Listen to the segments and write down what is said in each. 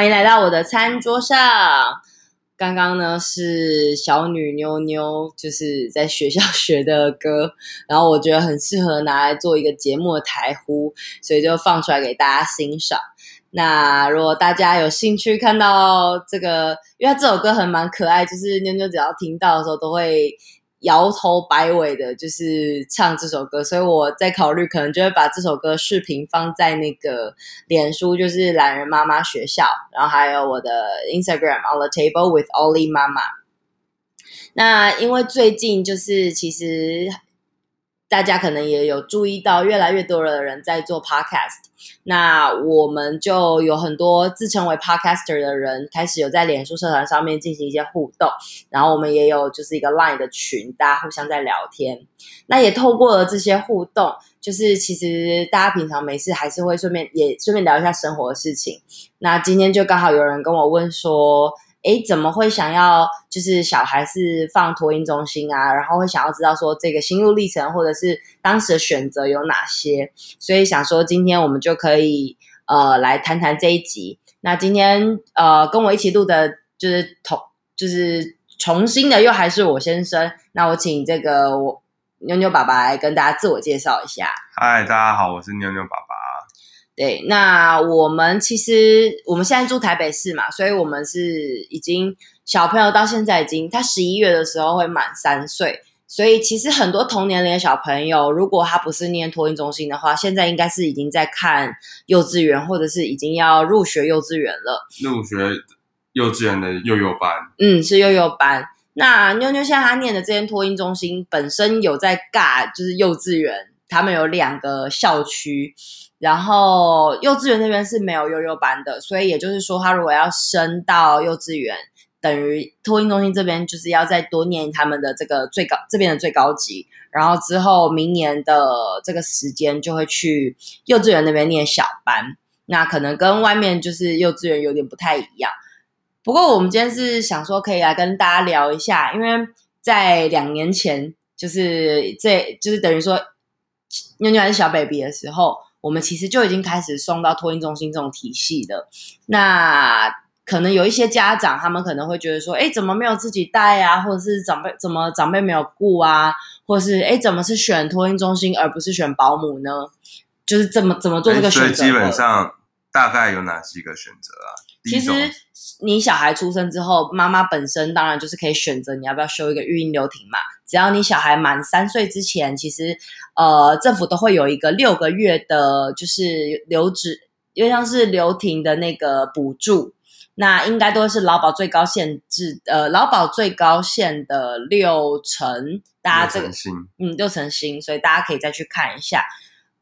歡迎來到我的餐桌上。剛剛呢是小女妞妞就是在學校學的歌，然後我覺得很適合拿來做一個節目的台呼，所以就放出來給大家欣賞。那如果大家有興趣看到這個，因為這首歌很蠻可愛，就是妞妞只要聽到的時候都會。搖頭擺尾的，就是唱這首歌，所以我在考慮，可能就會把這首歌視頻放在那個臉書，就是欖仁媽媽學校，然後還有我的 Instagram on the table with Oli 媽媽。那因為最近就是其實。大家可能也有注意到，越來越多的人在做 podcast，那我們就有很多自稱為 podcaster 的人，開始有在臉書社團上面進行一些互動，然後我們也有就是一個 line 的群，大家互相在聊天。那也透過了這些互動，就是其實大家平常沒事還是會順便也順便聊一下生活的事情。那今天就剛好有人跟我問說。哎，怎麼會想要就是小孩是放托嬰中心啊，然後會想要知道說這個心路歷程或者是當時的選擇有哪些，所以想說今天我們就可以呃來談談這一集。那今天呃跟我一起錄的就是同，就是重新的又還是我先生，那我請這個我妞妞爸爸來跟大家自我介紹一下。嗨，大家好，我是妞妞爸爸。對，那我們其實我們現在住台北市嘛，所以我們是已經小朋友到現在已經他十一月的時候會滿三歲，所以其實很多同年齡的小朋友，如果他不是念托嬰中心的話，現在應該是已經在看幼稚園，或者是已經要入學幼稚園了。入學幼稚園的幼幼班，嗯，是幼幼班。那妞妞現在他念的這間托嬰中心本身有在尬，就是幼稚園，他們有兩個校區。然後，幼稚園那邊是沒有幼幼班的，所以也就是說，他如果要升到幼稚園，等於托嬰中心這邊就是要再多念他們的這個最高這邊的最高級，然後之後明年的這個時間就會去幼稚園那邊念小班，那可能跟外面就是幼稚園有點不太一樣。不過我們今天是想說，可以來跟大家聊一下，因為在兩年前，就是這就是等於說妞妞還是小 baby 的時候。我們其實就已經開始送到托嬰中心這種體系的，那可能有一些家長他們可能會覺得說，哎，怎麼沒有自己帶啊？或者是長輩怎麼長輩沒有顧啊？或者是哎，怎麼是選托嬰中心而不是選保姆呢？就是怎麼怎麼做這個選擇？所以基本上大概有哪幾個選擇啊？其實你小孩出生之後，媽媽本身當然就是可以選擇你要不要休一個育嬰留停嘛。只要你小孩滿三歲之前，其實，呃，政府都會有一個六個月的，就是留職，因為像是留停的那個補助，那應該都是勞保最高限制，呃，勞保最高限的六成，大家這嗯、個、六成薪、嗯，所以大家可以再去看一下。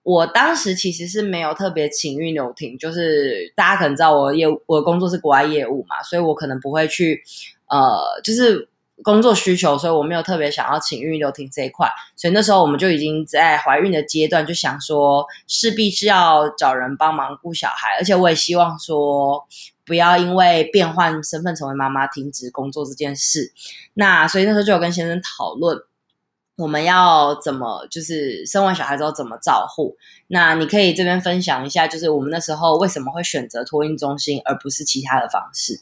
我當時其實是沒有特別請育留停，就是大家可能知道我業務我的工作是國外業務嘛，所以我可能不會去，呃，就是。工作需求，所以我沒有特別想要請育嬰留停這一塊，所以那時候我們就已經在懷孕的階段就想說，勢必是要找人幫忙顧小孩，而且我也希望說，不要因為變換身份成為媽媽停止工作這件事。那所以那時候就有跟先生討論，我們要怎麼就是生完小孩之後怎麼照護。那你可以這邊分享一下，就是我們那時候為什麼會選擇托嬰中心，而不是其他的方式？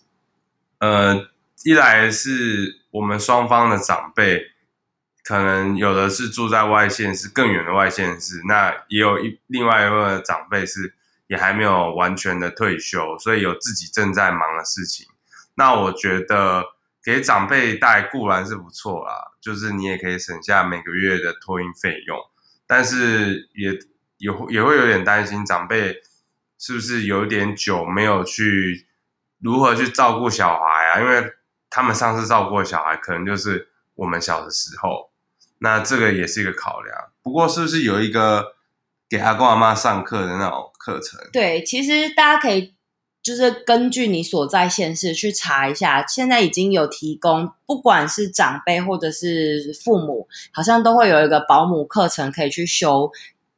呃，一來是。我們雙方的長輩，可能有的是住在外縣市，更遠的外縣市，那也有一另外一位的長輩是也還沒有完全的退休，所以有自己正在忙的事情。那我覺得給長輩帶固然是不錯啦，就是你也可以省下每個月的托嬰費用，但是也也也會有點擔心長輩是不是有點久沒有去如何去照顧小孩啊，因為。他們上次照顧的小孩，可能就是我們小的時候，那這個也是一個考量。不過，是不是有一個給他跟阿公阿媽上課的那種課程？對，其實大家可以就是根據你所在縣市去查一下，現在已經有提供，不管是長輩或者是父母，好像都會有一個保姆課程可以去修。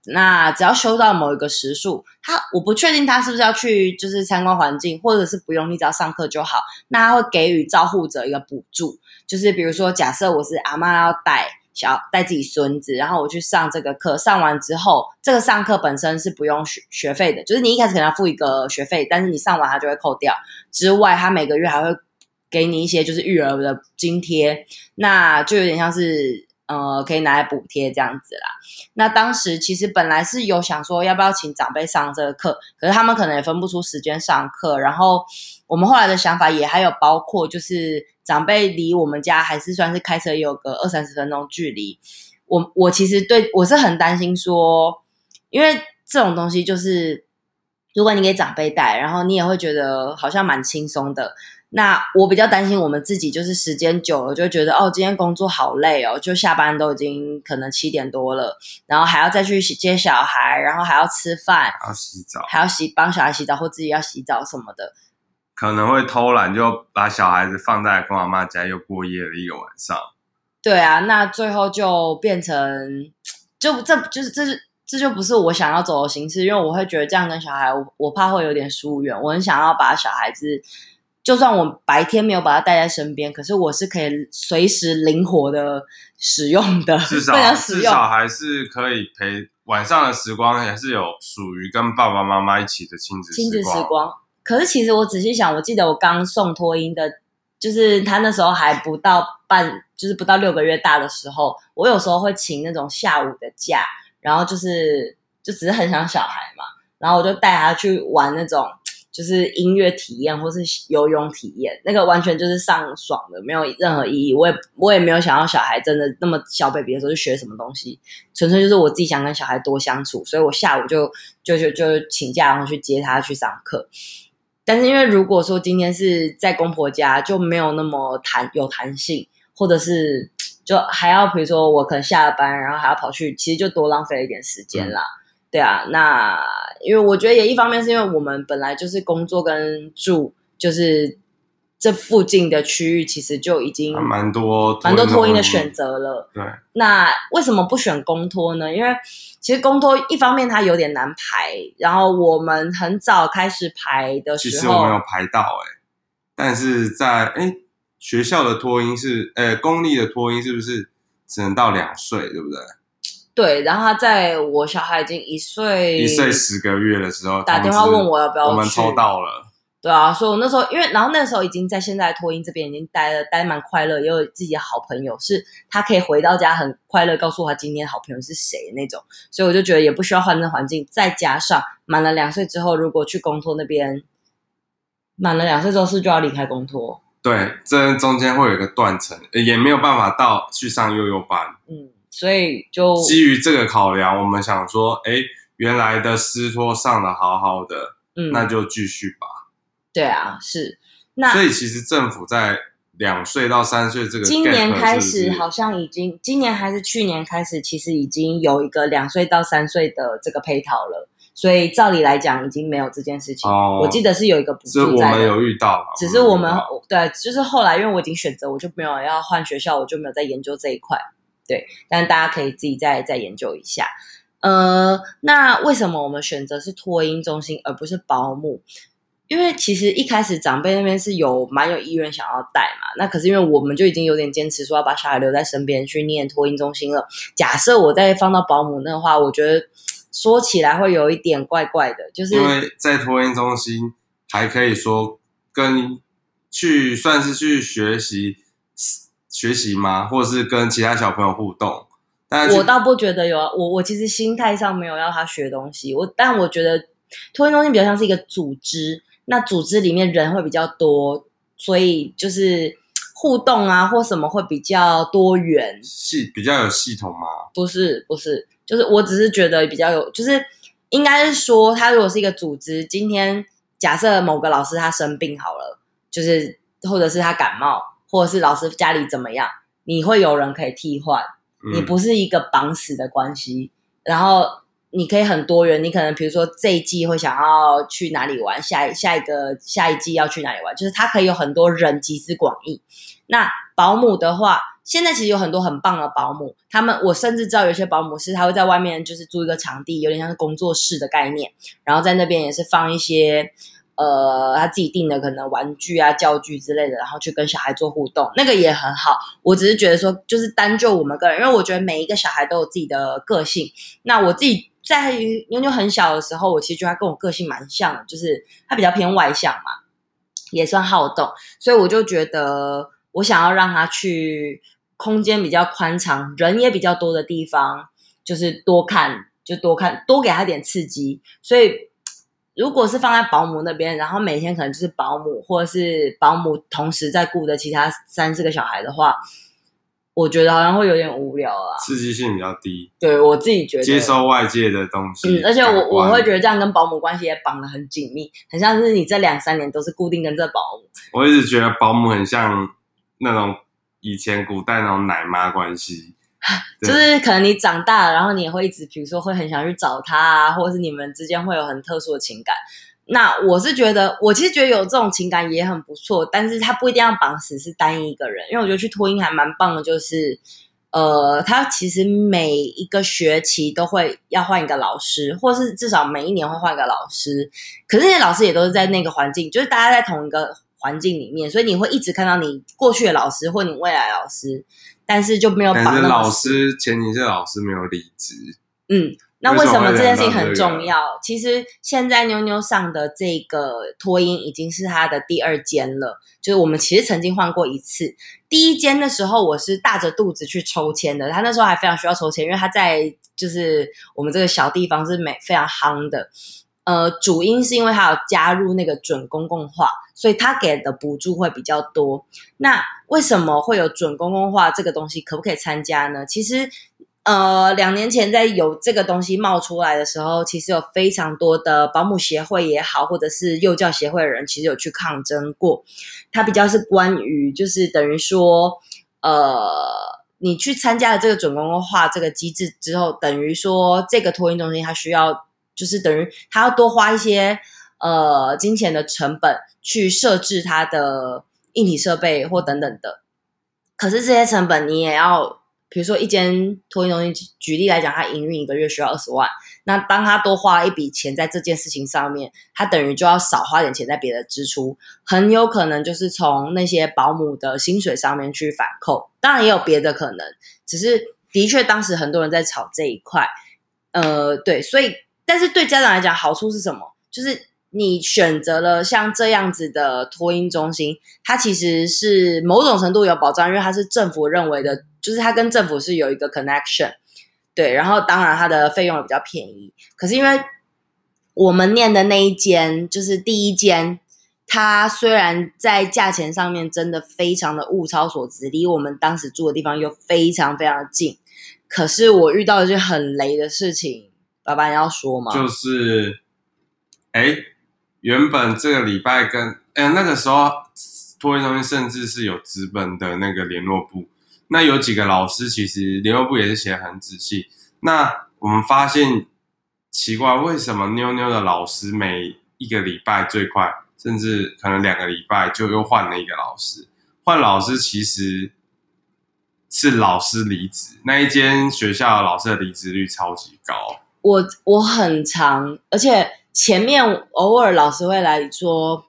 那只要修到某一個時數，他我不確定他是不是要去，就是參觀環境，或者是不用，你只要上課就好。那他會給予照護者一個補助，就是比如說，假設我是阿嬤要帶小，帶自己孫子，然後我去上這個課，上完之後，這個上課本身是不用學學費的，就是你一開始給他付一個學費，但是你上完他就會扣掉。之外，他每個月還會給你一些就是育兒的津貼，那就有點像是。呃，可以拿來補貼這樣子啦。那當時其實本來是有想說要不要請長輩上這個課，可是他們可能也分不出時間上課。然後我們後來的想法也還有包括，就是長輩離我們家還是算是開車也有個二三十分鐘距離。我我其實對我是很擔心說，因為這種東西就是如果你給長輩帶，然後你也會覺得好像蠻輕鬆的。那我比較擔心，我們自己就是時間久了，就覺得哦，今天工作好累哦，就下班都已經可能七點多了，然後還要再去接小孩，然後還要吃飯，還要洗澡，還要洗幫小孩洗澡或自己要洗澡什麼的，可能會偷懶，就把小孩子放在阿公阿嬤家又過夜了一個晚上。對啊，那最後就變成，就這就是這是這就不是我想要走的形式，因為我會覺得這樣跟小孩，我我怕會有點疏遠，我很想要把小孩子。就算我白天沒有把他帶在身邊，可是我是可以隨時靈活的使用的，至少非常實用，至少還是可以陪晚上的時光，還是有屬於跟爸爸媽媽一起的親子時光親子時光。可是其實我仔細想，我記得我剛送托嬰的，就是他那時候還不到半，就是不到六個月大的時候，我有時候會請那種下午的假，然後就是就只是很想小孩嘛，然後我就帶他去玩那種。就是音樂體驗或是游泳體驗，那個完全就是上爽的，沒有任何意義。我也我也沒有想到小孩真的那麼小，北鼻的時候去學什麼東西，純粹就是我自己想跟小孩多相處。所以我下午就就就就請假，然後去接他去上課。但是因為如果說今天是在公婆家，就沒有那麼彈有彈性，或者是就還要比如說我可能下了班，然後還要跑去，其實就多浪費一點時間啦。嗯對啊，那因為我覺得也一方面是因為我們本來就是工作跟住就是這附近的區域，其實就已經蠻多蠻多托嬰的選擇了，啊。對，那為什麼不選公托呢？因為其實公托一方面它有點難排，然後我們很早開始排的時候，其實我們有排到哎、欸，但是在哎學校的托嬰是呃公立的托嬰是不是只能到兩歲，對不對？對，然後他在我小孩已經一歲一歲十個月的時候打電話問我要不要，我們抽到了。對啊，所以我那時候因為然後那時候已經在現在托嬰這邊已經待了，待蠻快樂，也有自己的好朋友，是他可以回到家很快樂，告訴我他今天的好朋友是誰那種，所以我就覺得也不需要換那個環境。再加上滿了兩歲之後，如果去公托那邊，滿了兩歲之後是，是就要離開公托，對，這中間會有一個斷層，也沒有辦法到去上幼幼班，嗯。所以就基於這個考量，我們想說，哎，原來的私托上得好好的，嗯，那就繼續吧。對啊，是。那所以其實政府在兩歲到三歲這個今年開始好像已經，今年還是去年開始，其實已經有一個兩歲到三歲的這個配套了。所以照理來講，已經沒有這件事情。哦，我記得是有一個，不是我們有遇到，只是我們我對，就是後來因為我已經選擇，我就沒有要換學校，我就沒有再研究這一塊。對，但大家可以自己再再研究一下。呃，那為什麼我們選擇是托嬰中心而不是保母？因為其實一開始長輩那邊是有蠻有意願想要帶嘛。那可是因為我們就已經有點堅持說要把小孩留在身邊去念托嬰中心了。假設我再放到保母那的話，我覺得說起來會有一點怪怪的。就是因為在托嬰中心還可以說跟去算是去學習。學習嗎？或者是跟其他小朋友互動？但我倒不覺得有啊。我我其實心態上沒有要他學東西。我但我覺得托嬰中心比較像是一個組織，那組織裡面人會比較多，所以就是互動啊或什麼會比較多元。系，比較有系統嗎？不是不是，就是我只是覺得比較有，就是應該是說，他如果是一個組織，今天假設某個老師他生病好了，就是或者是他感冒。或者是老師家裡怎麼樣？你會有人可以替換，你不是一個綁死的關係，嗯、然後你可以很多人。你可能比如說這一季會想要去哪裡玩，下一下一個下一季要去哪裡玩，就是他可以有很多人集思廣益。那保姆的話，現在其實有很多很棒的保姆，他們我甚至知道有些保姆是他會在外面就是租一個場地，有點像是工作室的概念，然後在那邊也是放一些。呃，他自己定的可能玩具啊、教具之類的，然後去跟小孩做互動，那個也很好。我只是覺得說，就是單就我們個人，因為我覺得每一個小孩都有自己的個性。那我自己在妞妞很小的時候，我其實覺得他跟我個性蠻像的，就是他比較偏外向嘛，也算好動，所以我就覺得我想要讓他去空間比較寬敞、人也比較多的地方，就是多看，就多看，多給他點刺激，所以。如果是放在保姆那邊，然後每天可能就是保姆，或者是保姆同時在顧著其他三四個小孩的話，我覺得好像會有點無聊啊。刺激性比較低。對，我自己覺得。接收外界的東西。嗯，而且我我，我會覺得這樣跟保姆關係也綁得很緊密，很像是你這兩三年都是固定跟這保姆。我一直覺得保姆很像那種以前古代那種奶媽關係。 就是可能你長大了，然後你也會一直，比如說會很想去找他啊，或者是你們之間會有很特殊的情感。那我是覺得，我其實覺得有這種情感也很不錯，但是他不一定要綁死是單一個人。因為我覺得去托嬰還蠻棒的，就是呃，他其實每一個學期都會要換一個老師，或是至少每一年會換一個老師。可是那些老師也都是在那個環境，就是大家在同一個環境裡面，所以你會一直看到你過去的老師或你未來的老師。但是就沒有。但老師，前提是老師沒有離職。嗯，那為什，、啊、為什麼這件事情很重要？其實現在妞妞上的這個托嬰已經是他的第二間了，就是我們其實曾經換過一次。第一間的時候，我是大着肚子去抽籤的。他那時候還非常需要抽籤，因為他在就是我們這個小地方是美非常夯的。呃，主因是因為他有加入那個準公共化，所以他給的補助會比較多。那為什麼會有準公共化這個東西？可不可以參加呢？其實，呃，兩年前在有這個東西冒出來的時候，其實有非常多的保姆協會也好，或者是幼教協會的人，其實有去抗爭過。它比較是關於，就是等於說，呃，你去參加了這個準公共化這個機制之後，等於說這個托嬰中心它需要，就是等於它要多花一些呃金錢的成本去設置它的。硬體設備或等等的，可是這些成本你也要，比如說一間托嬰中心，舉例來講，它營運一個月需要二十萬，那當他多花一筆錢在這件事情上面，他等於就要少花點錢在別的支出，很有可能就是從那些保姆的薪水上面去反扣，當然也有別的可能，只是的確當時很多人在炒這一塊，呃，對，所以，但是對家長來講，好處是什麼？就是。你選擇了像這樣子的托嬰中心，它其實是某種程度有保障，因為它是政府認為的，就是它跟政府是有一個 connection，對。然後當然它的費用也比較便宜。可是因為我們唸的那一間，就是第一間，它雖然在價錢上面真的非常的物超所值，離我們當時住的地方又非常非常近，可是我遇到一件很雷的事情，爸爸你要說嗎？就是，哎。原本這個禮拜跟哎、欸、那個時候，托嬰中心甚至是有紙本的那個聯絡簿，那有幾個老師其實聯絡簿也是寫的很仔細。那我們發現奇怪，為什麼妞妞的老師每一個禮拜最快，甚至可能兩個禮拜就又換了一個老師？換老師其實是老師離職，那一間學校老師的離職率超級高。我我很常，而且。前面偶爾老師會來說：“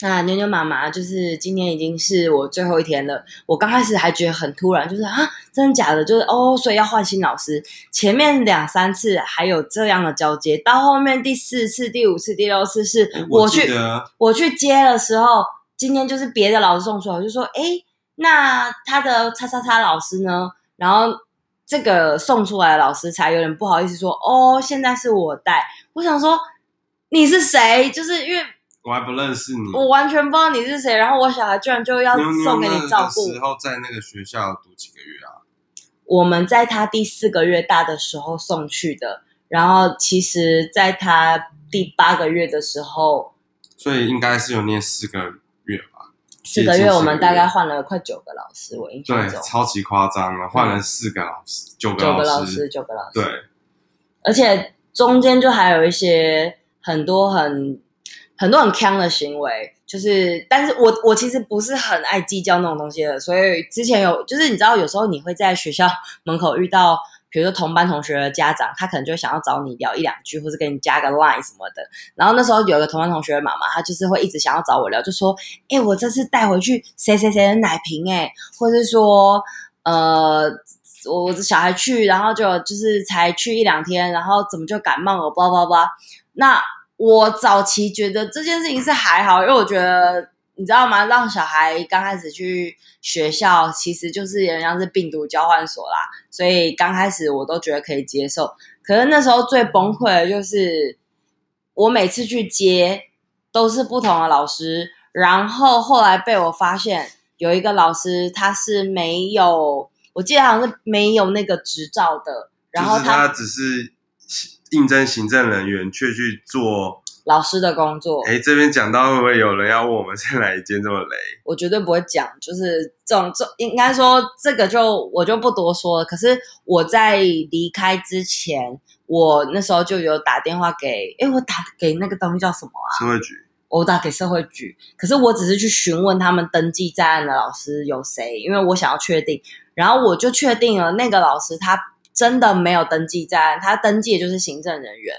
啊，牛牛媽媽，就是今天已經是我最後一天了。”我剛開始還覺得很突然，就是啊，真假的？就是哦，所以要換新老師。前面兩三次還有這樣的交接，到後面第四次、第五次、第六次是我、啊、我去我去接的時候，今天就是別的老師送出來，就說：“哎、欸，那他的叉叉叉老師呢？”然後這個送出來的老師才有點不好意思說：“哦，現在是我帶。”我想說。你是誰？就是因為我，是我，我還不認識你，我完全不知道你是誰。然後我小孩居然就要送給你照顧。時候在那個學校讀幾個月啊？我們在他第四個月大的時候送去的。然後其實，在他第八個月的時候，所以應該是有念四個月吧？四個月，我們大概換了快九個老師，我印象中對，超級誇張啊，換了四個老師，嗯，九個老師，九個老師，九個老師，對，而且中間就還有一些。很多很很多很鏘的行為，就是，但是我我其實不是很愛計較那種東西的，所以之前有，就是你知道，有時候你會在學校門口遇到，比如說同班同學的家長，他可能就想要找你聊一兩句，或者給你加個 line 什麼的。然後那時候有個同班同學的媽媽，她就是會一直想要找我聊，就說：“哎、欸，我這次帶回去誰誰誰的奶瓶哎、欸，或者說，呃，我我的小孩去，然後就就是才去一兩天，然後怎麼就感冒了，叭叭叭。”那我早期覺得這件事情是還好，因為我覺得你知道嗎？讓小孩剛開始去學校，其實就是一樣是病毒交換所啦。所以剛開始我都覺得可以接受。可是那時候最崩潰的就是，我每次去接都是不同的老師。然後後來被我發現有一個老師，他是沒有，我記得好像是沒有那個執照的。然後他、就是、他只是。應徵行政人員，卻去做老師的工作。哎，這邊講到，會不會有人要問我們是哪一間這麼雷？我絕對不會講，就是這種，這應該說這個就我就不多說了。可是我在離開之前，我那時候就有打電話給，哎，我打給那個東西叫什麼啊？社會局。我打給社會局，可是我只是去詢問他們登記在案的老師有誰，因為我想要確定。然後我就確定了那個老師他。真的沒有登記在案，他登記也就是行政人員，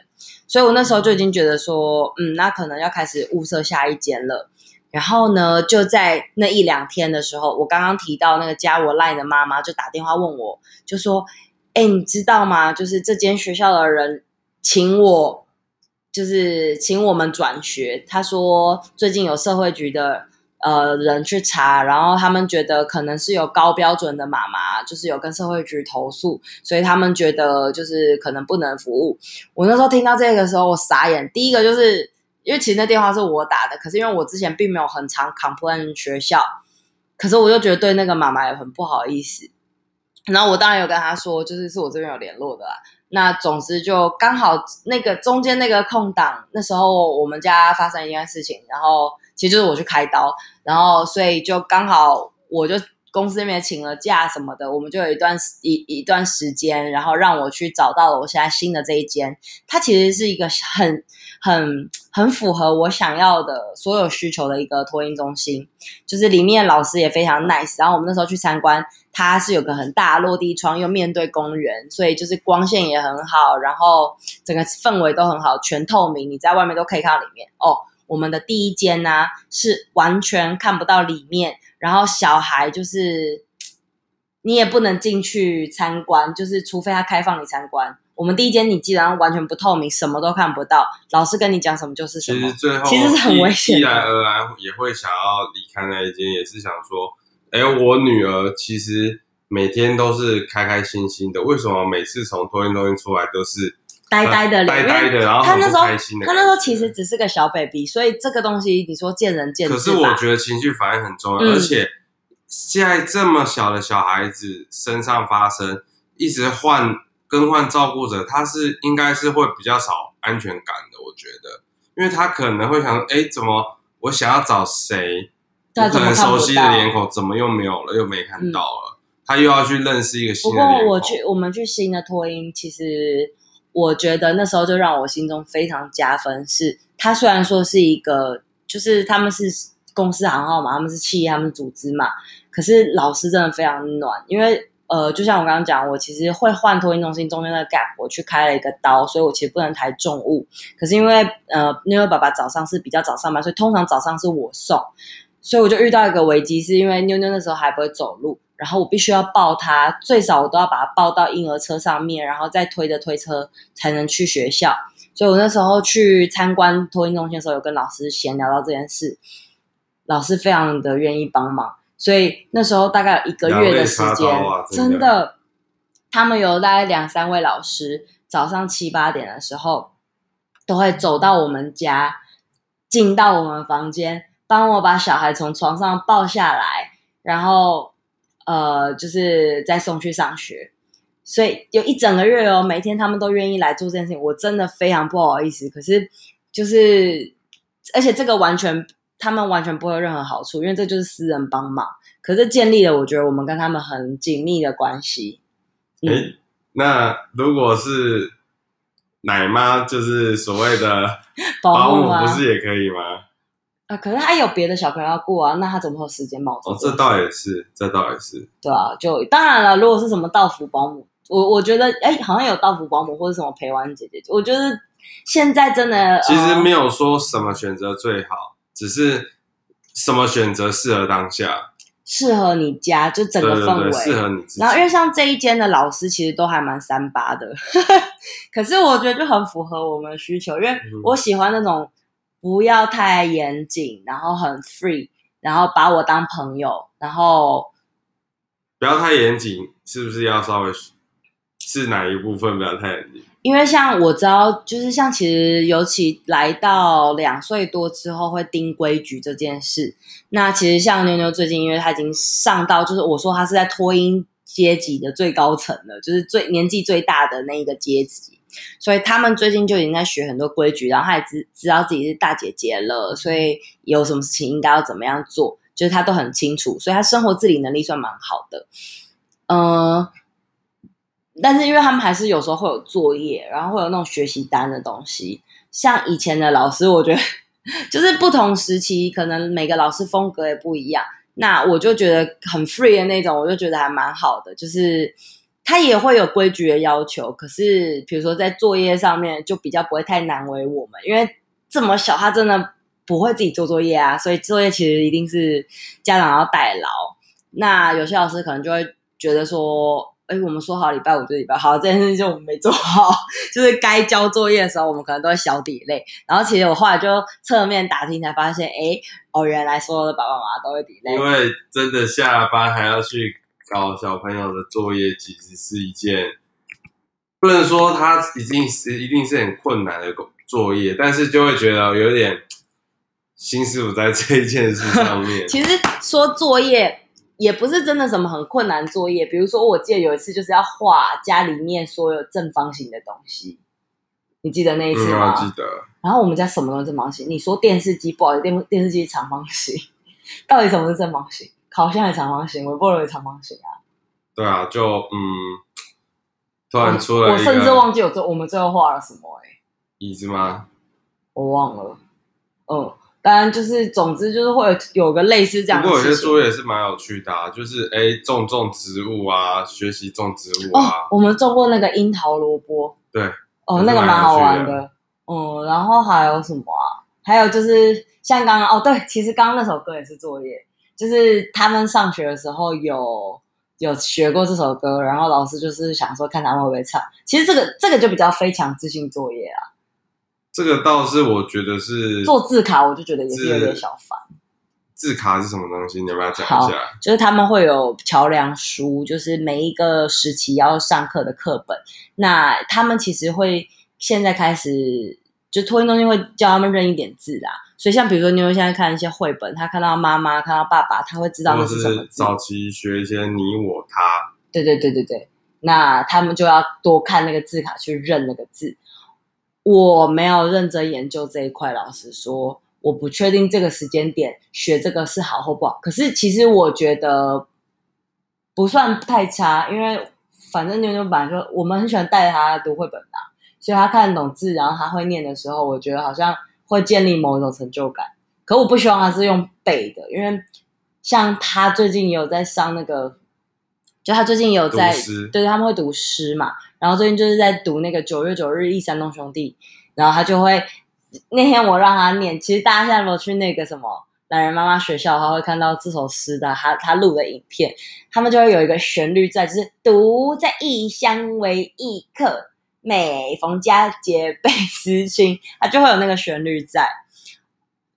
所以我那時候就已經覺得說，嗯，那可能要開始物色下一間了。然後呢，就在那一兩天的時候，我剛剛提到那個加我 Line 的媽媽就打電話問我，就說，哎、欸，你知道嗎？就是這間學校的人請我，就是請我們轉學。他說最近有社會局的。呃，人去查，然後他們覺得可能是有高標準的媽媽，就是有跟社會局投訴，所以他們覺得就是可能不能服務。我那時候聽到這個時候，我傻眼。第一個就是因為其實那電話是我打的，可是因為我之前並沒有很常 complain 學校，可是我又覺得對那個媽媽也很不好意思。然後我當然有跟他說，就是是我這邊有聯絡的啦。那總之就剛好那個中間那個空檔，那時候我們家發生一件事情，然後。其實就是我去開刀，然後所以就剛好我就公司那邊請了假什麼的，我們就有一段一一段時間，然後讓我去找到了我現在新的這一間。它其實是一個很很很符合我想要的所有需求的一個托嬰中心，就是裡面老師也非常 nice。然後我們那時候去參觀，它是有個很大落地窗，又面對公園，所以就是光線也很好，然後整個氛圍都很好，全透明，你在外面都可以看到裡面哦。Oh, 我們的第一間呢、啊，是完全看不到裡面，然後小孩就是你也不能進去參觀，就是除非他開放你參觀。我們第一間你基本上完全不透明，什麼都看不到，老師跟你講什麼就是什麼。其實最後，其實是很危險的。自然而然也會想要離開那一間，也是想說，哎、欸，我女兒其實每天都是開開心心的，為什麼每次從托嬰中心出來都是？呆呆的臉，呆呆的。然後他那時候，他那時候其實只是個小 baby，所以這個東西你說見仁見智吧。可是我覺得情緒反應很重要、嗯，而且現在這麼小的小孩子身上發生，一直換更換照顧者，他是應該是會比較少安全感的，我覺得，因為他可能會想，哎、欸，怎麼我想要找誰？他可能熟悉的臉孔怎麼又沒有了，又沒看到了，嗯、他又要去認識一個新的。不過我去，我們去新的托嬰其實。我覺得那時候就讓我心中非常加分是，是他雖然說是一個，就是他們是公司行號嘛，他們是企業，他們是組織嘛，可是老師真的非常暖，因為呃，就像我剛剛講，我其實會換托嬰中心中間的 gap，我去開了一個刀，所以我其實不能抬重物，可是因為呃，妞妞爸爸早上是比較早上班，所以通常早上是我送，所以我就遇到一個危機，是因為妞妞那時候還不會走路。然後我必須要抱他，最少我都要把他抱到嬰兒車上面，然後再推着推車才能去學校。所以，我那時候去參觀托嬰中心的時候，有跟老師閒聊到這件事，老師非常的願意幫忙。所以那時候大概有一個月的時間，啊的，真的，他們有大概兩三位老師，早上七八點的時候，都會走到我們家，進到我們房間，幫我把小孩從床上抱下來，然後，呃，就是再送去上學，所以有一整個月哦，每天他們都願意來做這件事情，我真的非常不好意思。可是，就是而且這個完全，他們完全不會有任何好處，因為這就是私人幫忙。可是建立了，我覺得我們跟他們很緊密的關係。誒、嗯欸，那如果是奶媽，就是所謂的保姆、啊，不是也可以嗎？啊！可是他有別的小朋友要過啊，那他怎麼會有時間冒充？哦，這倒也是，這倒也是。對啊，就當然了，如果是什麼到府保姆，我我覺得，哎，好像有到府保姆或者什麼陪玩姐，姐姐，我覺得現在真的、嗯嗯、其實沒有說什麼選擇最好，只是什麼選擇適合當下，適合你家，就整個氛圍，對對對，適合你自己。然後因為像這一間的老師其實都還蠻三八的呵呵，可是我覺得就很符合我們的需求，因為我喜歡那種。嗯不要太嚴謹，然後很 free，然後把我當朋友，然後不要太嚴謹，是不是要稍微是哪一部分不要太嚴謹？因為像我知道，就是像其實尤其來到兩歲多之後會定規矩這件事，那其實像妞妞最近，因為她已經上到，就是我說她是在托嬰，階級的最高層的，就是最年紀最大的那一個階級，所以他們最近就已經在學很多規矩，然後他還知知道自己是大姐姐了，所以有什麼事情應該要怎麼樣做，就是他都很清楚，所以他生活自理能力算蠻好的。嗯、呃，但是因為他們還是有時候會有作業，然後會有那種學習單的東西，像以前的老師，我覺得就是不同時期可能每個老師風格也不一樣。那我就覺得很 free 的那種，我就覺得還蠻好的。就是他也會有規矩的要求，可是比如說在作業上面就比較不會太難為我們，因為這麼小他真的不會自己做作業啊，所以作業其實一定是家長要代勞。那有些老師可能就會覺得說。哎、欸，我們說好禮拜五就禮拜好，這件事就我們沒做好，就是該交作業的時候，我們可能都會小 delay。然後，其實我後來就側面打聽才發現，哎、欸，哦，原來所有的爸爸媽媽都會 delay。因為真的下班還要去搞小朋友的作業，其實是一件不能說他已經是一定是很困難的作業，但是就會覺得有點心思不在這件事上面。 其實說作業。也不是真的什麼很困難的作業，比如說我記得有一次就是要畫家裡面所有正方形的東西，你記得那一次嗎？嗯、然後我們家什麼東西正方形？你說電視機，不好意思，電，電視機長方形。到底什麼是正方形？烤箱也長方形，微波爐也長方形啊。對啊，就嗯，突然出來我，我甚至忘記我最我們最後畫了什麼哎、欸。椅子嗎？我忘了。嗯。就是，總之就是會有，有個類似這樣的。不過有些作業也是蠻有趣的、啊，就是哎、欸，種種植物啊，學習種植物啊，哦。我們種過那個櫻桃蘿蔔。對。哦，啊，那個蠻好玩的。嗯，然後還有什麼啊？還有就是像剛剛哦，對，其實剛剛那首歌也是作業，就是他們上學的時候有有學過這首歌，然後老師就是想說看他們會不會唱。其實這個這個就比較非強制性作業啊。這個倒是我覺得是做字卡，我就覺得也是有點小煩。字卡是什麼東西？你要不要講一下？就是他們會有橋梁書，就是每一個時期要上課的課本。那他們其實會現在開始就托嬰中心會教他們認一點字啊。所以像比如說妞妞現在看一些繪本，他看到媽媽，看到爸爸，他會知道那是什麼字。早期學一些你我他，對對對對對。那他們就要多看那個字卡去認那個字。我沒有認真研究這一塊，老實說，我不確定這個時間點學這個是好或不好。可是其實我覺得不算太差，因為反正妞妞本來說我們很喜歡帶她他讀繪本嘛，啊，所以他看得懂字，然後他會唸的時候，我覺得好像會建立某一種成就感。可我不希望他是用背的，因為像他最近也有在上那個，就他最近也有在，對，他們會讀詩嘛。然後最近就是在讀那個九月九日憶山東兄弟，然後他就會那天我讓他念，其實大家現在如果去那個什麼欖仁媽媽學校，他會看到這首詩的，他他錄的影片，他們就會有一個旋律在，就是獨在異鄉為異客，每逢佳節倍思親，他就會有那個旋律在，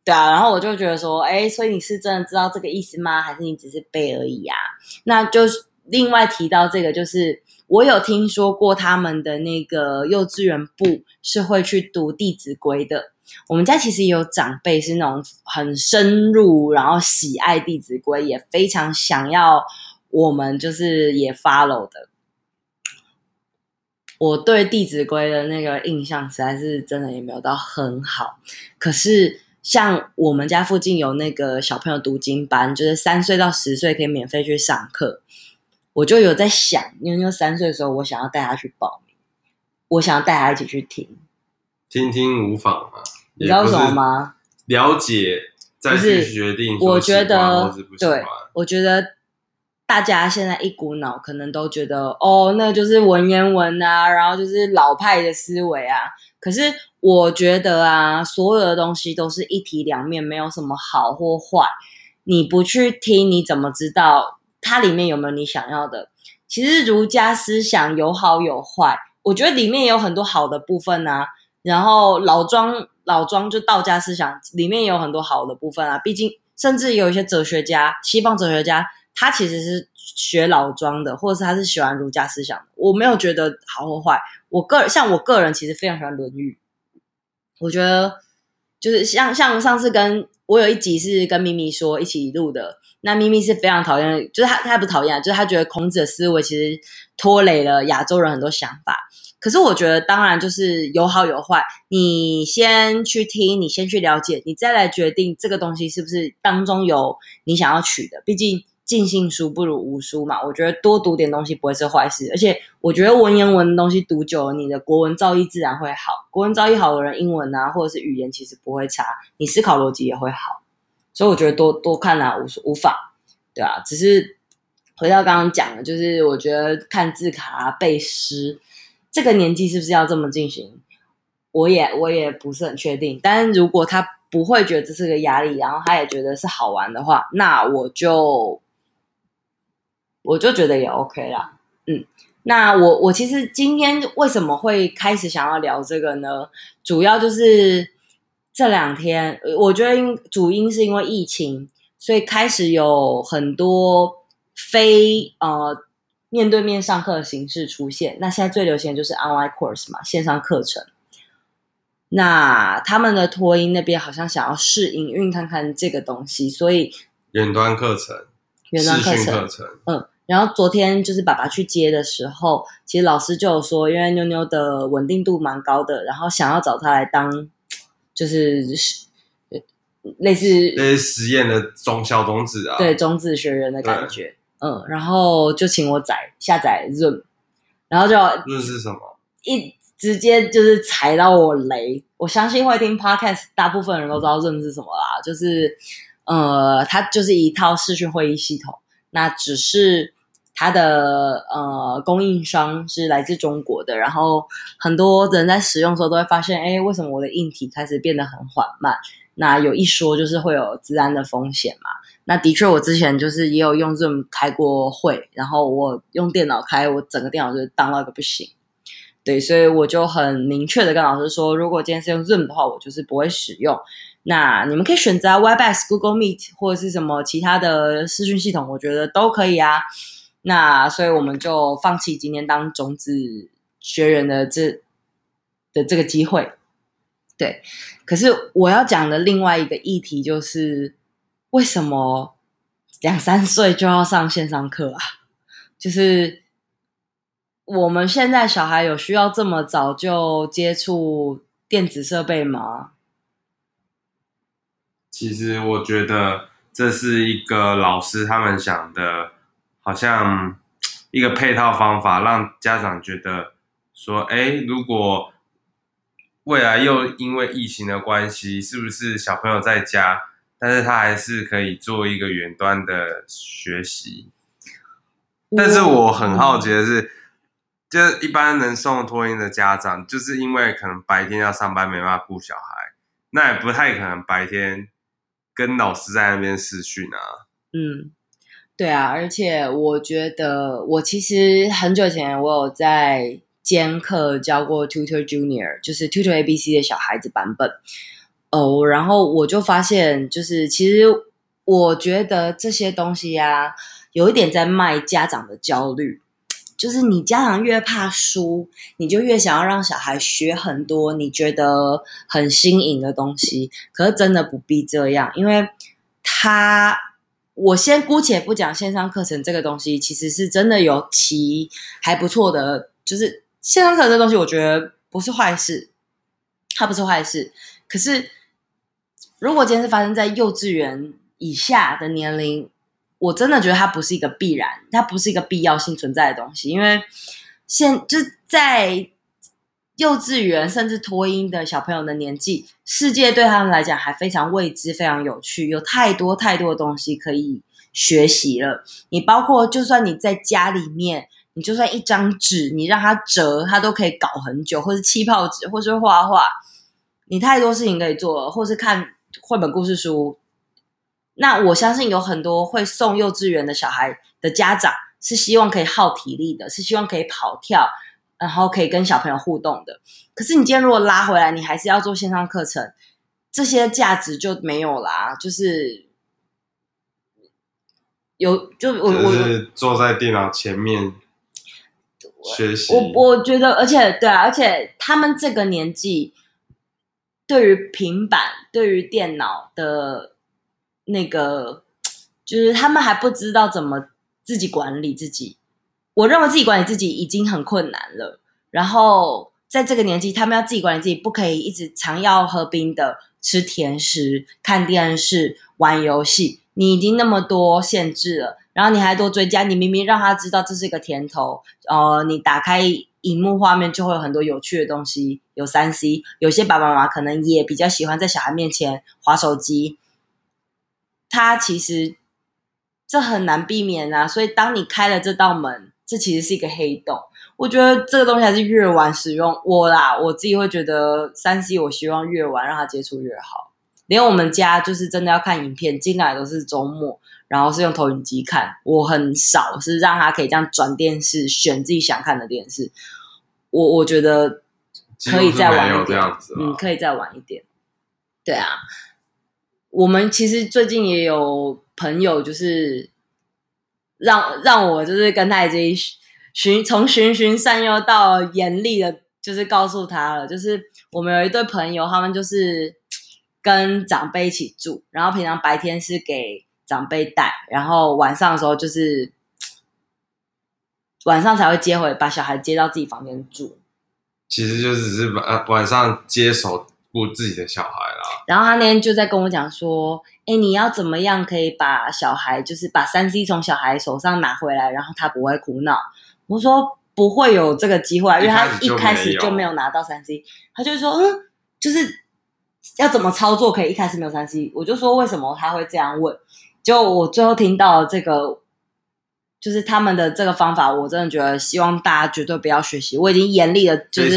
對啊。然後我就覺得說，哎，所以你是真的知道這個意思嗎？還是你只是背而已啊？那就是另外提到這個就是。我有聽說過他們的那個幼稚園部是會去讀《弟子規》的。我們家其實也有長輩是那種很深入，然後喜愛《弟子規》，也非常想要我們就是也 follow 的。我對《弟子規》的那個印象實在是真的也沒有到很好。可是像我們家附近有那個小朋友讀經班，就是三歲到十歲可以免費去上課。我就有在想，妞妞三歲的時候我，我想要帶她去報名，我想要帶她一起去聽，聽聽無妨啊，你知道什麼嗎？了解，再去決定是。我覺得是對，我覺得大家現在一股腦可能都覺得，哦，那就是文言文啊，然後就是老派的思維啊。可是我覺得啊，所有的東西都是一體兩面，沒有什麼好或壞。你不去聽，你怎麼知道？它裡面有沒有你想要的？其實儒家思想有好有壞，我覺得裡面有很多好的部分啊。然後老莊，老莊就道家思想裡面也有很多好的部分啊。畢竟，甚至有一些哲學家，西方哲學家，他其實是學老莊的，或者是他是喜歡儒家思想的。我沒有覺得好或壞。我個像我個人其實非常喜歡《論語》，我覺得就是像像上次跟我有一集是跟咪咪說一起錄的。那咪咪是非常討厭，就是他他不討厭，就是他覺得孔子的思維其實拖累了亞洲人很多想法。可是我覺得，當然就是有好有壞，你先去聽，你先去了解，你再來決定這個東西是不是當中有你想要取的。畢竟盡信書不如無書嘛，我覺得多讀點東西不會是壞事。而且我覺得文言文的東西讀久了，你的國文造詣自然會好，國文造詣好的人，英文啊或者是語言其實不會差，你思考邏輯也會好。所以我覺得多多看啊，無無妨，對啊，只是回到剛剛講的，就是我覺得看字卡背詩，這個年紀是不是要這麼進行？我也我也不是很確定。但如果他不會覺得這是個壓力，然後他也覺得是好玩的話，那我就我就覺得也 OK 了。嗯，那我我其實今天為什麼會開始想要聊這個呢？主要就是。這兩天，我覺得主因，主因是因為疫情，所以開始有很多非呃面對面上課的形式出現。那現在最流行的就是 online course 嘛，線上課程。那他們的托嬰那邊好像想要試營運，看看這個東西，所以遠端課程、遠端課程、視訊課程。嗯，然後昨天就是爸爸去接的時候，其實老師就有說，因為妞妞的穩定度蠻高的，然後想要找他來當。就是是類似類似實驗的中小種子啊，對，種子學員的感覺，嗯，然後就請我載下載 Zoom，然後就 Zoom 是什麼？一直接就是踩到我雷，我相信會聽 Podcast，大部分人都知道 Zoom 是什麼啦，嗯、就是呃，它就是一套視訊會議系統，那只是。它的呃供應商是來自中國的，然後很多人在使用的時候都會發現，哎，為什麼我的硬體開始變得很緩慢？那有一說就是會有資安的風險嘛。那的確，我之前就是也有用 Zoom 開過會，然後我用電腦開，我整個電腦就是當到個不行。對，所以我就很明確的跟老師說，如果今天是用 Zoom 的話，我就是不會使用。那你們可以選擇 Webex、Google Meet 或者是什麼其他的視訊系統，我覺得都可以啊。那所以我們就放棄今天當種子學員的這的這個機會，對。可是我要講的另外一個議題就是，為什麼兩三歲就要上線上課啊？就是我們現在小孩有需要這麼早就接觸電子設備嗎？其實我覺得這是一個老師他們想的。好像一個配套方法，讓家長覺得說，哎，如果未來又因為疫情的關係，是不是小朋友在家，但是他還是可以做一個遠端的學習？但是我很好奇的是，嗯、就一般能送托嬰的家長，就是因為可能白天要上班，沒辦法顧小孩，那也不太可能白天跟老師在那邊視訊啊，嗯。對啊，而且我覺得，我其實很久前我有在兼課教過 Tutor Junior，就是 Tutor ABC 的小孩子版本。哦，然後我就發現，就是其實我覺得這些東西呀、啊，有一點在賣家長的焦慮，就是你家長越怕輸，你就越想要讓小孩學很多你覺得很新穎的東西。可是真的不必這樣，因為他。我先姑且不講線上課程這個東西，其實是真的有其還不錯的，就是線上課程這東西，我覺得不是壞事，它不是壞事。可是，如果今天是發生在幼稚園以下的年齡，我真的覺得它不是一個必然，它不是一個必要性存在的東西，因為現就在。幼稚園甚至托嬰的小朋友的年紀，世界對他們來講還非常未知、非常有趣，有太多太多的東西可以學習了。你包括就算你在家裡面，你就算一張紙，你讓他折，他都可以搞很久，或是氣泡紙，或是畫畫，你太多事情可以做了，或是看繪本故事書。那我相信有很多會送幼稚園的小孩的家長是希望可以耗體力的，是希望可以跑跳。然後可以跟小朋友互動的，可是你今天如果拉回來，你還是要做線上課程，這些價值就沒有啦。就是有就我我是坐在電腦前面學習，我我覺得，而且對啊，而且他們這個年紀對於平板、對於電腦的那個，就是他們還不知道怎麼自己管理自己。我認為自己管理自己已經很困難了，然後在這個年紀，他們要自己管理自己，不可以一直常要喝冰的、吃甜食、看電視、玩遊戲。你已經那麼多限制了，然後你還多追加，你明明讓他知道這是一個甜頭。呃，你打開熒幕畫面就會有很多有趣的東西，有三 C。有些爸爸媽媽可能也比較喜歡在小孩面前滑手機，他其實這很難避免啊。所以當你開了這道門。這其實是一個黑洞，我覺得這個東西還是越晚使用我啦，我自己會覺得 3C，我希望越晚讓他接觸越好。連我們家就是真的要看影片，進來都是周末，然後是用投影機看，我很少是讓他可以這樣轉電視，選自己想看的電視。我我覺得可以再晚一點，啊，嗯，可以再晚一點。對啊，我們其實最近也有朋友就是。讓讓我就是跟他已經循從循循善誘到嚴厲的，就是告訴他了，就是我們有一對朋友，他們就是跟長輩一起住，然後平常白天是給長輩帶，然後晚上的時候就是晚上才會接回，把小孩接到自己房間住。其實就只是晚晚上接手顧自己的小孩啦。然後他那天就在跟我講說。哎、欸，你要怎麼樣可以把小孩，就是把三 C 從小孩手上拿回來，然後他不會哭鬧？我說不會有這個機會，因為他一開始就沒有拿到三 C，他就說嗯，就是要怎麼操作可以一開始沒有三 C？我就說為什麼他會這樣問？就我最後聽到這個。就是他們的這個方法，我真的覺得希望大家絕對不要學習。我已經嚴厲的，就是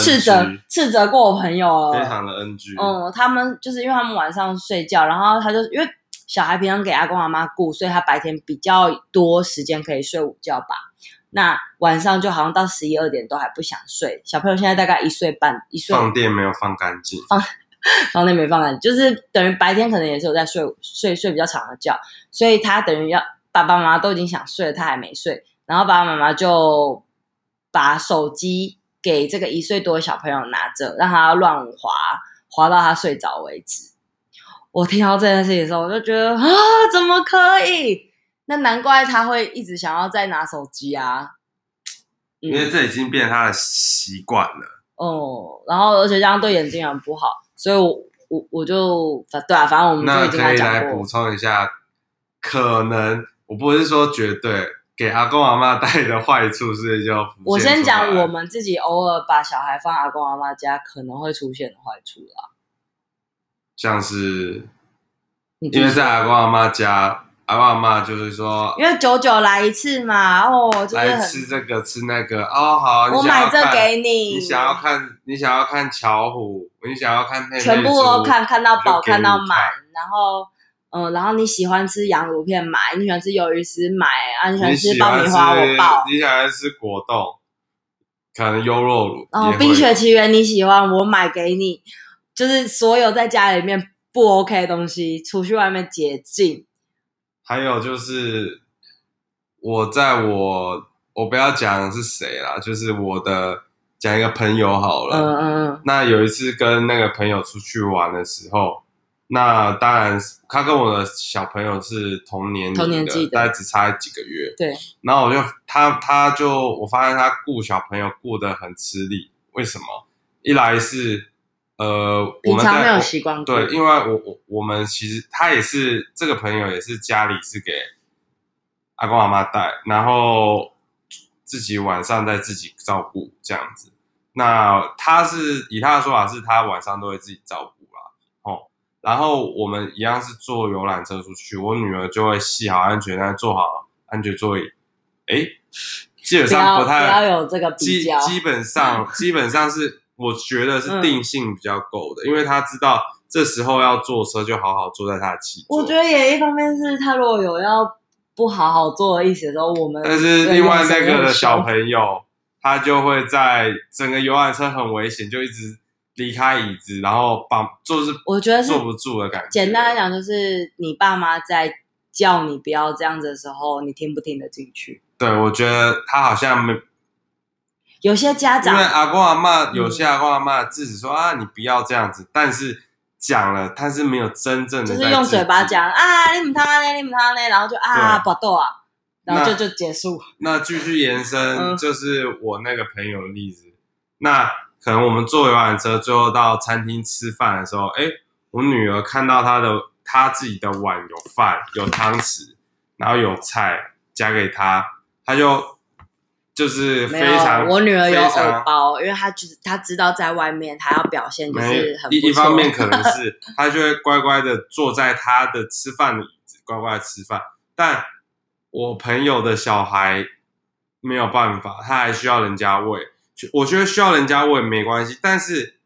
斥責斥責過我朋友了。非常的 NG，嗯，他們就是因為他們晚上睡覺，然後他就因為小孩平常給阿公阿嬤顧，所以他白天比較多時間可以睡午覺吧。那晚上就好像到十一二點都還不想睡。小朋友現在大概一歲半，一歲半，放電沒有放乾淨，放放電沒放乾淨，就是等於白天可能也是有在睡睡睡比較長的覺，所以他等於要。爸爸媽媽都已經想睡了，他還沒睡，然後爸爸媽媽就把手機給這個一歲多的小朋友拿着，讓他要亂滑，滑到他睡着為止。我聽到這件事情的時候，我就覺得啊，怎麼可以？那難怪他會一直想要再拿手機啊，嗯，因為這已經變成他的習慣了。哦，然後而且這樣對眼睛很不好，所以我我我就對啊，反正我們就已經跟他講過。那可以來補充一下，可能。我不是說絕對給阿公阿媽帶的壞處是就，我先講我們自己偶爾把小孩放阿公阿媽家可能會出現的壞處了，像是因為在阿公阿媽家、嗯，阿公阿媽就是說，因為久久來一次嘛，然、哦、就來吃這個吃那個哦，好，我買這給你，你想要看，你想要看巧虎，你想要看，想要看黑黑全部都看，看到飽看，看到滿，然後。嗯，然後你喜歡吃羊乳片，買。你喜歡吃魷魚絲，買、啊、你喜歡吃爆米花，我爆。你喜歡吃，喜歡吃果凍，可能優酪乳。哦，冰雪奇緣，你喜歡，我買給你。就是所有在家裡面不 OK 的東西，出去外面解禁。還有就是，我在我我不要講是誰了，就是我的講一個朋友好了。嗯嗯。那有一次跟那個朋友出去玩的時候。那當然，他跟我的小朋友是同年齡的，同年的，大概只差幾個月。對。然後我就他，他就我發現他顧小朋友顧得很吃力。為什麼？一來是呃，平常我們在沒有習慣過。對，因為我我我們其實他也是，他也是這個朋友，也是家裡是給阿公阿嬤帶，然後自己晚上再自己照顧這樣子。那他是以他的說法，是他晚上都會自己照顧。然後我們一樣是坐遊覽車出去，我女兒就會繫好安全帶，坐好安全座椅。哎，基本上不太不要，不要有這個基，基本上 基本上是我覺得是定性比較夠的，嗯、因為她知道這時候要坐車就好好坐在她的。我覺得也一方面是他如果有要不好好坐的意思的時候，我們但是另外那個的小朋友 他就會在整個遊覽車很危險，就一直。離開椅子，然後把就是我覺得坐不住的感覺。覺簡單來講，就是你爸媽在叫你不要這樣子的時候，你聽不聽得進去？對，我覺得他好像沒有些家長，因為阿公阿媽有些阿公阿媽自己說、嗯、啊，你不要這樣子，但是講了他是沒有真正的，就是用嘴巴講啊，你不聽呢，你不聽呢，然後就啊，不斗啊，然後就就結束。那繼續延伸、嗯，就是我那個朋友的例子，那。可能我們坐遊覽車，最後到餐廳吃飯的時候，哎、欸，我女兒看到她的她自己的碗有飯有湯匙，然後有菜夾給她，她就就是非常，我女兒有偶包非常包，因為她就是她知道在外面她要表現就是很一一方面可能是她就會乖乖的坐在她的吃飯椅子，乖乖的吃飯，但我朋友的小孩沒有辦法，他還需要人家餵。我覺得需要人家餵沒關係，但是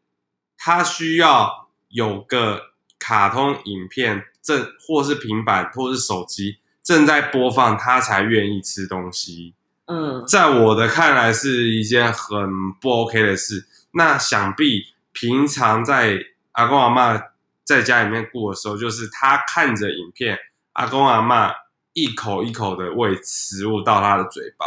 他需要有個卡通影片正或是平板或是手機正在播放，他才願意吃東西。嗯，在我的看來是一件很不 OK 的事。那想必平常在阿公阿嬤在家裡面顧的時候，就是他看着影片，阿公阿嬤一口一口的餵食物到他的嘴巴。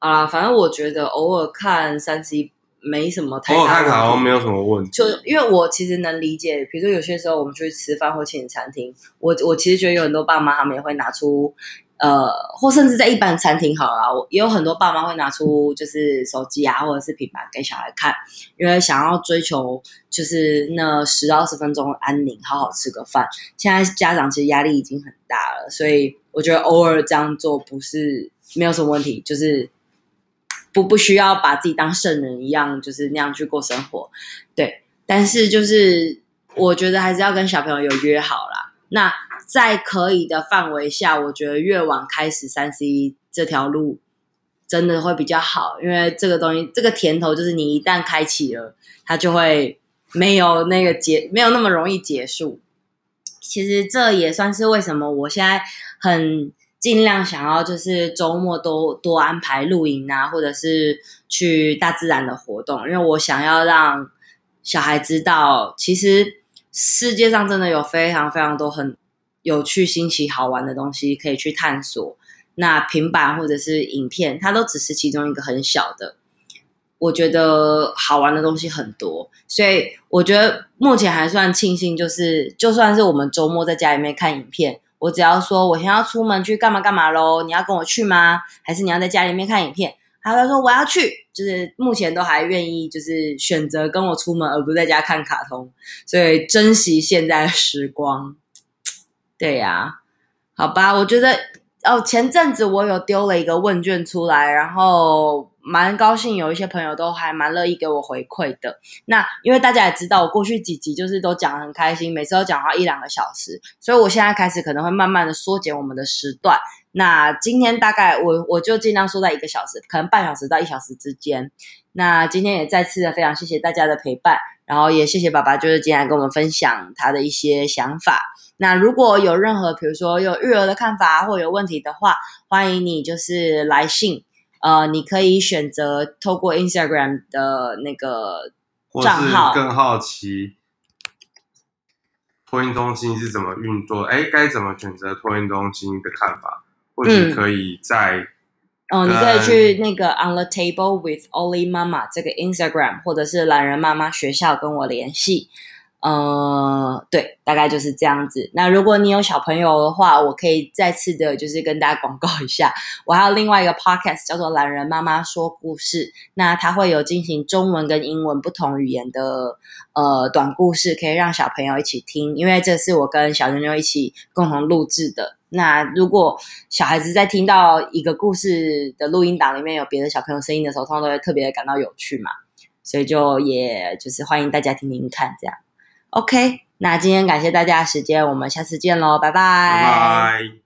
啊，反正我覺得偶爾看 3C 沒什麼太大。我、oh, 看好像沒有什麼問題。就因為我其實能理解，比如說有些時候我們出去吃飯或請餐廳，我我其實覺得有很多爸媽他們也會拿出呃，或甚至在一般餐廳好了啦，我也有很多爸媽會拿出就是手機啊或者是平板給小孩看，因為想要追求就是那十到二十分鐘的安寧，好好吃個飯。現在家長其實壓力已經很大了，所以我覺得偶爾這樣做不是沒有什麼問題，就是。不不需要把自己當聖人一樣，就是那樣去過生活，對。但是就是我覺得還是要跟小朋友有約好啦。那在可以的範圍下，我覺得越晚開始 3C 這條路真的會比較好，因為這個東西這個甜頭就是你一旦開啟了，它就會沒有那個結，沒有那麼容易結束。其實這也算是為什麼我現在很。盡量想要就是周末多多安排露營啊，或者是去大自然的活動，因為我想要讓小孩知道，其實世界上真的有非常非常多很有趣、新奇、好玩的東西可以去探索。那平板或者是影片，它都只是其中一個很小的，我覺得好玩的東西很多。所以我覺得目前還算慶幸，就是就算是我們周末在家裡面看影片。我只要說，我想要出門去幹嘛幹嘛咯，你要跟我去嗎？還是你要在家裡面看影片？他他說我要去，就是目前都還願意，就是選擇跟我出門，而不在家看卡通。所以珍惜現在的時光，對呀、啊，好吧。我覺得哦，前陣子我有丟了一個問卷出來，然後。蠻高興，有一些朋友都還蠻樂意給我回饋的。那因為大家也知道，我過去幾集就是都講的很開心，每次都講到一兩個小時，所以我現在開始可能會慢慢的縮減我們的時段。那今天大概我我就盡量縮在一個小時，可能半小時到一小時之間。那今天也再次的非常謝謝大家的陪伴，然後也謝謝爸爸，就是今天來跟我們分享他的一些想法。那如果有任何，比如說有育兒的看法或有問題的話，歡迎你就是來信。呃，你可以選擇透過 Instagram 的那個賬號，是更好奇托嬰中心是怎麼運作，哎，該怎麼選擇托嬰中心的看法，嗯、或者可以在、嗯哦、你可以去那個 On the Table with Oli Mama 這個 Instagram，或者是欖仁媽媽學校跟我聯繫。呃，對，大概就是這樣子。那如果你有小朋友的話，我可以再次的，就是跟大家廣告一下。我還有另外一個 podcast 叫做《欖仁媽媽說故事》，那它會有進行中文跟英文不同語言的呃短故事，可以讓小朋友一起聽。因爲這是我跟小妞妞一起共同錄製的。那如果小孩子在聽到一個故事的錄音檔裡面有別的小朋友聲音的時候，通常都會特別感到有趣嘛。所以就也就是歡迎大家聽聽看，這樣。OK，那今天感謝大家的時間，我們下次見嘍，拜拜。拜拜。